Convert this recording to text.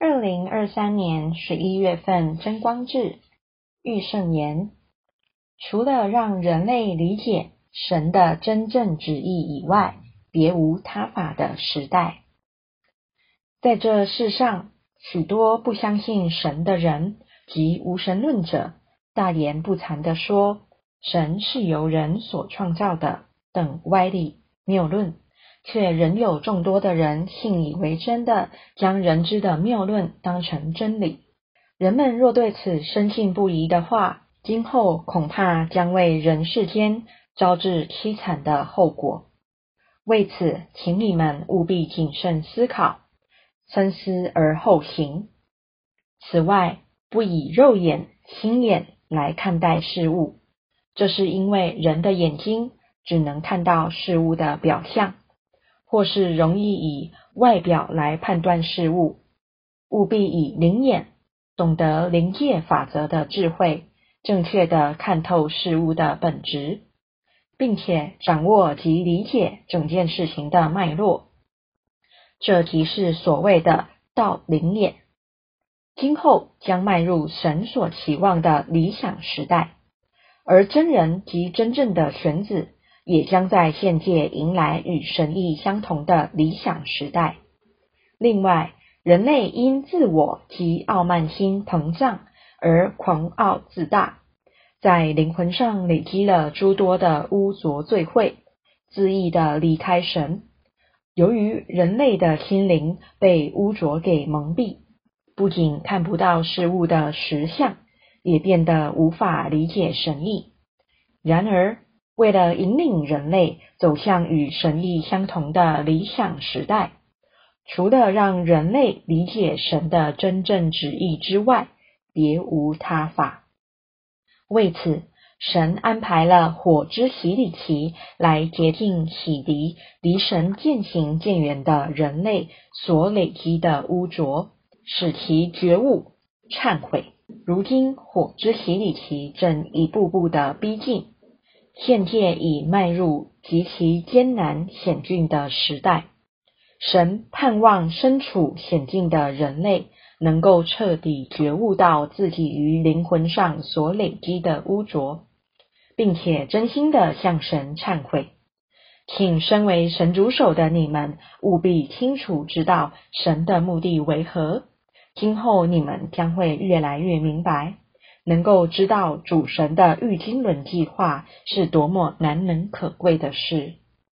二零二三年十一月份，真光誌：御聖言：除了讓人類理解神的真正旨意以外，別無他法的時代。在這世上，許多不相信神的人及無神論者，大言不慚地說：“神是由人所創造的”等歪理謬論。卻仍有眾多的人信以為真的將人知的謬論當成真理。人們若對此深信不疑的話，今後恐怕將為人世間招致淒慘的後果。為此，請你們務必謹慎思考，深思而後行。此外，不以肉眼、心眼來看待事物，這是因為人的眼睛只能看到事物的表象。或是容易以外表來判斷事物，務必以靈眼，懂得靈界法則的智慧，正確的看透事物的本質，並且掌握及理解整件事情的脈絡，這即是所謂的道靈眼。今後將邁入神所期望的理想時代，而真人及真正的玄子，也將在現界迎來與神意相同的理想時代。另外，人類因自我及傲慢心膨脹而狂傲自大，在靈魂上累積了諸多的污濁罪穢，恣意地離開神。由於人類的心靈被污濁給蒙蔽，不僅看不到事物的實相，也變得無法理解神意。然而，為了引領人類走向與神意相同的理想時代，除了讓人類理解神的真正旨意之外，別無他法。為此，神安排了火之洗禮期，來潔淨洗滌離神漸行漸遠的人類所累積的污濁，使其覺悟、懺悔。如今，火之洗禮期正一步步的逼近。現界已邁入極其艱難險峻的時代，神盼望身處險境的人類能夠徹底覺悟到自己於靈魂上所累積的污濁，並且真心的向神懺悔。請身為神組手的你們務必清楚知道神的目的為何，今後你們將會越來越明白。能夠知道主神的御經綸計劃是多麼難能可貴的事。